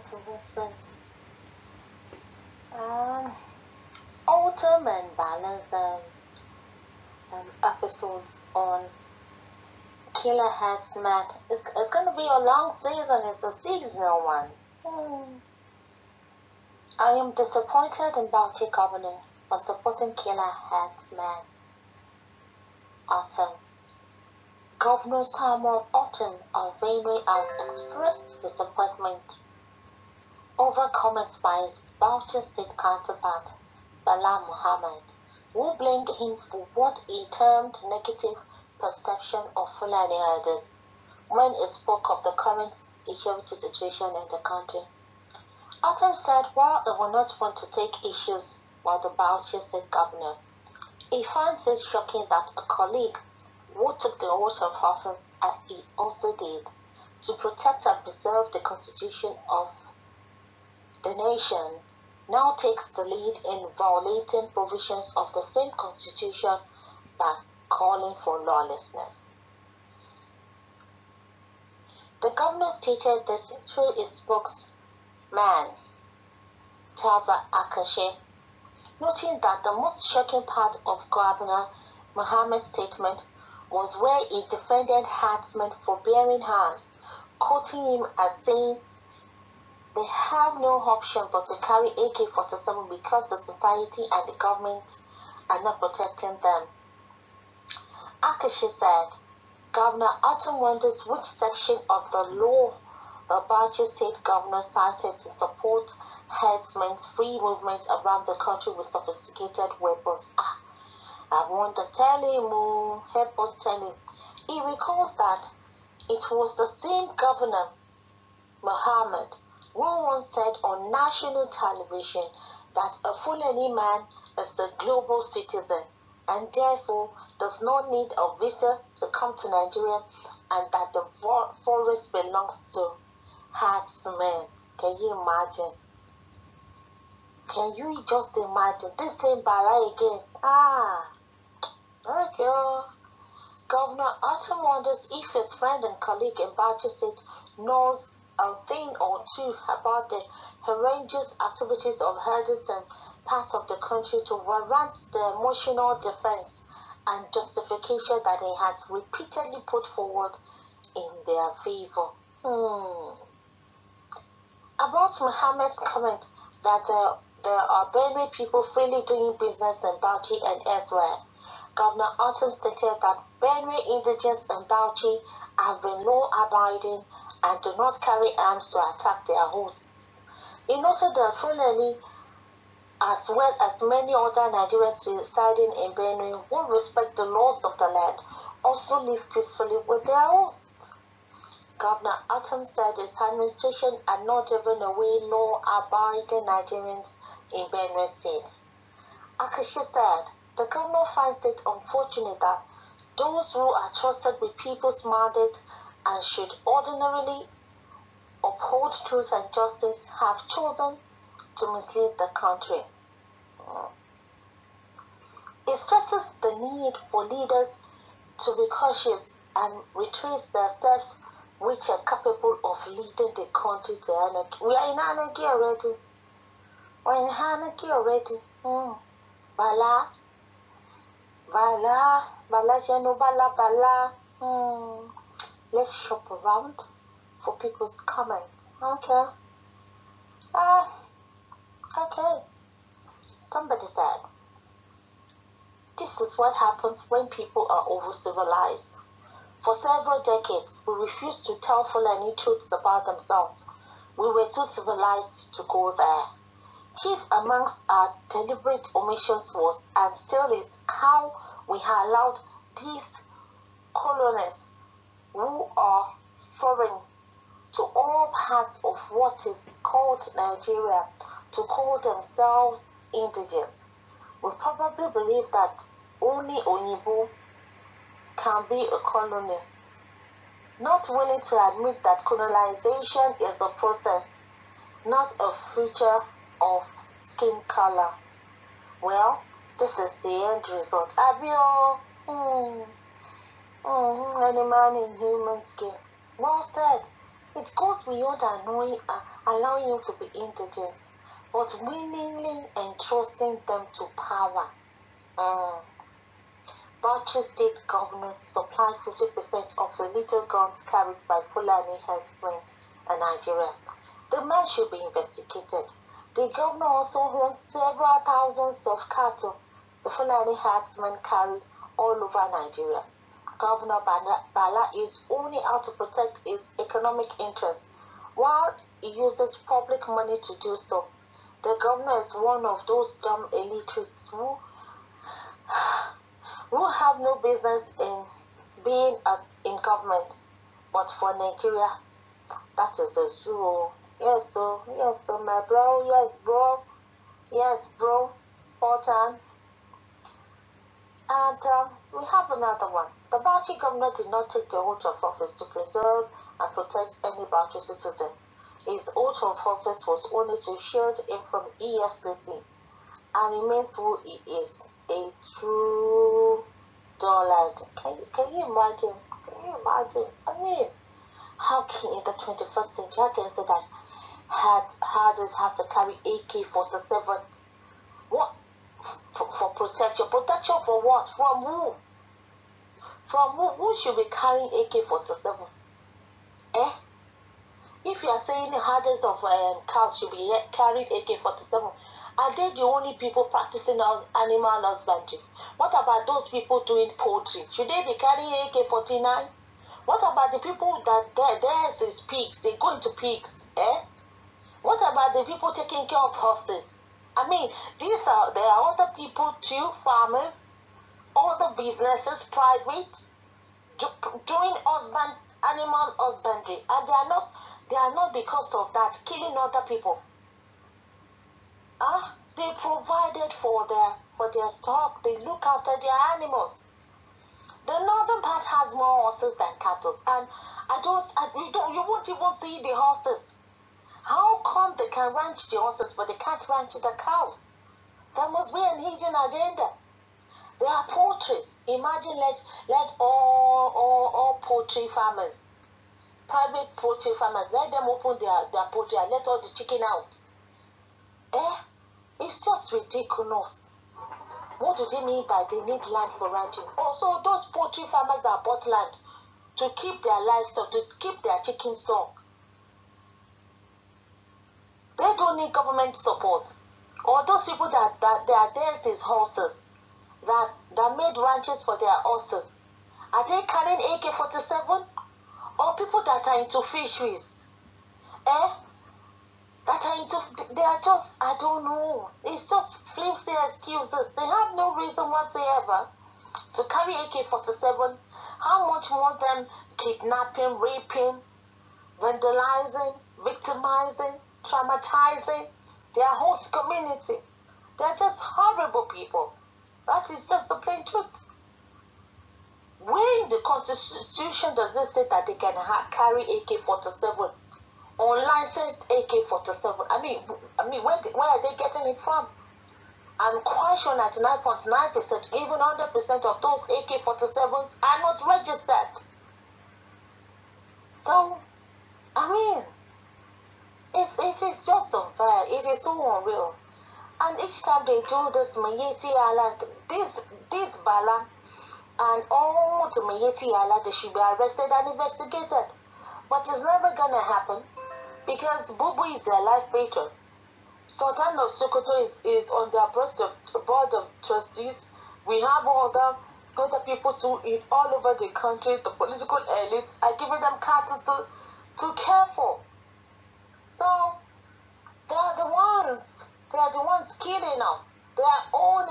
of husbands. Um, Autumn and Balance um, um, episodes on Killer Hats Matt. It's, it's going to be a long season. It's a seasonal one. Hmm. I am disappointed in Balti Governor for supporting Killer Hats Matt. Autumn. Governor Samuel Autumn of Vainway has expressed disappointment over comments by his Boucher state counterpart, Bala Muhammad, who blamed him for what he termed negative perception of Fulani herders when he spoke of the current security situation in the country. Adam said while he will not want to take issues with the Boucher state governor, he finds it shocking that a colleague who took the oath of office as he also did to protect and preserve the constitution of the nation now takes the lead in violating provisions of the same constitution by calling for lawlessness. The governor stated this through his spokesman, Tava Akashi, noting that the most shocking part of Governor Muhammad's statement was where he defended herdsmen for bearing arms, quoting him as saying they have no option but to carry AK-47 because the society and the government are not protecting them. Akashi said, Governor Autumn wonders which section of the law the Bauchi state governor cited to support headsmen's free movement around the country with sophisticated weapons. Ah, I want to tell him, oh, help us tell him. He recalls that it was the same governor, Muhammad, who once said on national television that a Fulani man is a global citizen and therefore does not need a visa to come to Nigeria and that the forest belongs to herdsmen. Can you imagine? Can you just imagine? This same Bala again. Ah, okay. Governor Otto wonders if his friend and colleague in Bauchi State knows a thing or two about the horrendous activities of herders and parts of the country to warrant the emotional defense and justification that he has repeatedly put forward in their favor. Hmm. About Muhammad's comment that there, there are Benue people freely doing business in Bauchi and elsewhere, Governor Autumn stated that Benue indigents in Bauchi have been law abiding and do not carry arms to attack their hosts. He noted that Fulani, as well as many other Nigerians residing in Benue who respect the laws of the land, also live peacefully with their hosts. Governor Atom said his administration had not driven away law-abiding Nigerians in Benue State. Akishi said, the governor finds it unfortunate that those who are trusted with people's mandate and should ordinarily uphold truth and justice have chosen to mislead the country. Mm. It stresses the need for leaders to be cautious and retrace their steps which are capable of leading the country to anarchy. We are in anarchy already. We're in anarchy already. Mm. Bala. Bala. Bala, Bala, Bala. Mm. Let's shop around for people's comments. Okay. Uh, okay. Somebody said, This is what happens when people are over civilized. For several decades, we refused to tell full any truths about themselves. We were too civilized to go there. Chief amongst our deliberate omissions was and still is how we allowed these colonists who are foreign to all parts of what is called Nigeria to call themselves indigenous. We probably believe that only Onyibo can be a colonist. Not willing to admit that colonization is a process, not a feature of skin color. Well, this is the end result. Abio. Oh, hmm. Oh, animal in human skin. Well said. It goes beyond annoying, uh, allowing you to be indigent, but willingly entrusting them to power. Mm. Bauchi State governors supplied 50% of the little guns carried by Fulani herdsmen in Nigeria. The man should be investigated. The governor also owns several thousands of cattle the Fulani herdsmen carry all over Nigeria. Governor Bala is only out to protect his economic interests while he uses public money to do so. The governor is one of those dumb illiterates who, who have no business in being in government. But for Nigeria, that is a zoo. Yes, so yes, so my bro, yes, bro, yes, bro, spot on. And um, we have another one. The Bauchi governor did not take the oath of office to preserve and protect any Bauchi citizen. His oath of office was only to shield him from EFCC and remains who he is, a true dollar. Can you, can you imagine? Can you imagine? I mean, how can in the 21st century, how can you say that hard, hardest have to carry AK-47 protection. Protection for what? From who? From who? Who should be carrying AK-47? Eh? If you are saying hundreds of um, cows should be carrying AK-47, are they the only people practicing animal husbandry? What about those people doing poultry? Should they be carrying AK-49? What about the people that there, theirs is pigs? They go into pigs, eh? What about the people taking care of horses? I mean, these are there are other people too, farmers, other businesses, private, do, doing husband animal husbandry, and they are not they are not because of that killing other people. Ah, they provided for their for their stock. They look after their animals. The northern part has more horses than cattle, and I don't, I, you don't, you won't even see the horses how come they can ranch the horses but they can't ranch the cows? There must be an hidden agenda. There are poultries. Imagine let let all, all, all poultry farmers, private poultry farmers, let them open their, their poultry and let all the chicken out. Eh? It's just ridiculous. What do they mean by they need land for ranching? Also, those poultry farmers that bought land to keep their livestock, to keep their chicken stock, don't need government support. Or those people that, that are there as horses, that, that made ranches for their horses, are they carrying AK 47? Or people that are into fisheries? Eh? That are into, they are just, I don't know. It's just flimsy excuses. They have no reason whatsoever to carry AK 47. How much more them kidnapping, raping, vandalizing, victimizing? traumatizing their host community. They're just horrible people. That is just the plain truth. Where in the Constitution does it say that they can carry AK 47? Unlicensed AK 47. I mean, I mean, where, where are they getting it from? I'm quite sure 99.9%, even 100% of those AK 47s are not registered. So, I mean, it's, it is just unfair. It is so unreal. And each time they do this Mayeti Allah, this, this Bala, and all the Mayeti Allah, they should be arrested and investigated. But it's never gonna happen because Bubu is their life patron. Sultan of Sokoto is, is on their board of trustees. We have other other people too in all over the country. The political elites are giving them cattle to, to care for.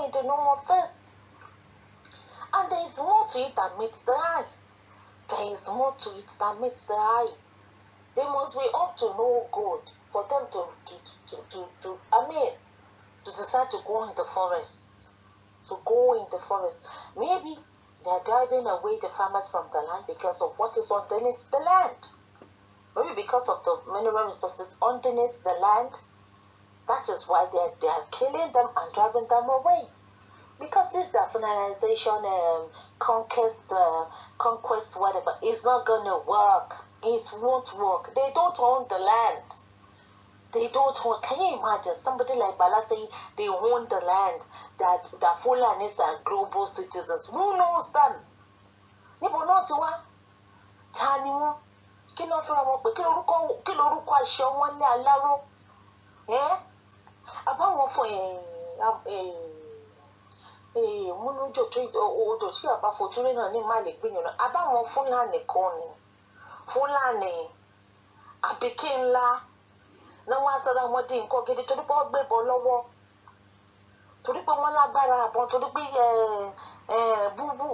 In the normal want And there is more to it that meets the eye. There is more to it that meets the eye. They must be up to no good for them to, to, to, to, to I mean, to decide to go in the forest. To go in the forest. Maybe they are driving away the farmers from the land because of what is underneath the land. Maybe because of the mineral resources underneath the land that is why they're, they're killing them and driving them away. Because this definitization um, conquest, uh, conquest, whatever, is not going to work. It won't work. They don't own the land. They don't own. Can you imagine somebody like Bala saying they own the land, that the Fulanis are global citizens? Who knows them? níbo náà ti wá ta ni wọn ní aláró àbáwọn fún múnújò tó odò tí àbá fojúrí náà ní máàlì gbìyànjú àbáwọn fúlàní kan ni fúlàní àbíkí ńlá náà wá sọ́dọ̀ wọn di nǹkan gidi torí pé wọ́n gbébọn lọ́wọ́ torí pé wọ́n lágbára àbọn torí pé eh, eh, búbù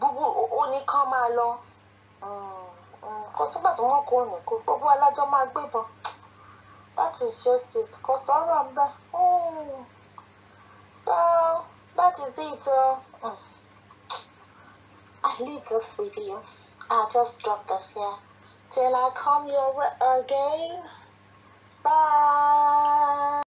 búbù ó ní kán máa lọ mm, mm, kó sígbà tí wọ́n kó ní kó gbogbo alájọ máa gbébọn. That is just it. Cause Oramba. Oh. Hmm. So that is it. Uh, I leave this with you. I'll just drop this here. Till I come your way again. Bye.